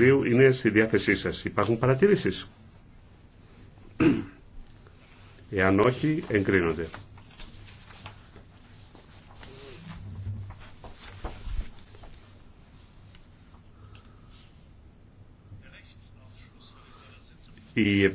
βιβλίου είναι στη διάθεσή σας. Υπάρχουν παρατηρήσεις. Εάν όχι, εγκρίνονται. Η